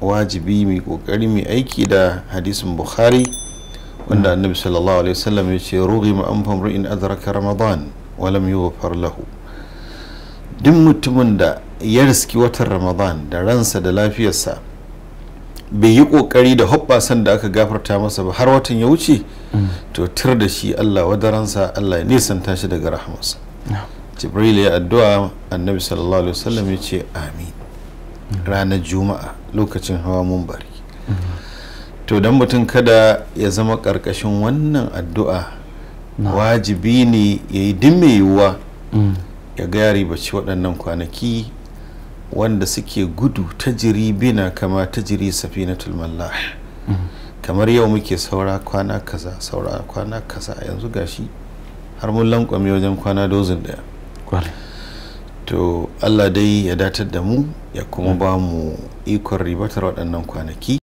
wajibi mai kokari mai aiki da hadisin bukhari wanda hmm. annabi sallallahu alaihi wasallam ya ce rughi ma an in ramadan wa lam yughfar lahu duk mutumin da ya riski watan ramadan da ransa da lafiyarsa bai yi kokari da hoɓɓasan da aka gafarta masa ba har watan ya wuce hmm. to tur da shi allah wadaransa allah ya nisanta shi daga rahamarsa jibril ya addu'a annabi sallallahu alaihi wasallam ya ce amin ranar juma'a lokacin hawa mumbari to don mutum kada ya zama karkashin wannan addu'a wajibi ne ya yi dimme yiwuwa mm. ya ga ribaci waɗannan kwanaki wanda suke gudu ta jiri bina kama ta jiri na mallah mm. kamar yau muke saura kwana kaza saura kwana kaza yanzu gashi har mun lankwame wajen kwana dozin daya to allah dai ya datar da mu ya kuma ba mu ikon ribatar waɗannan kwanaki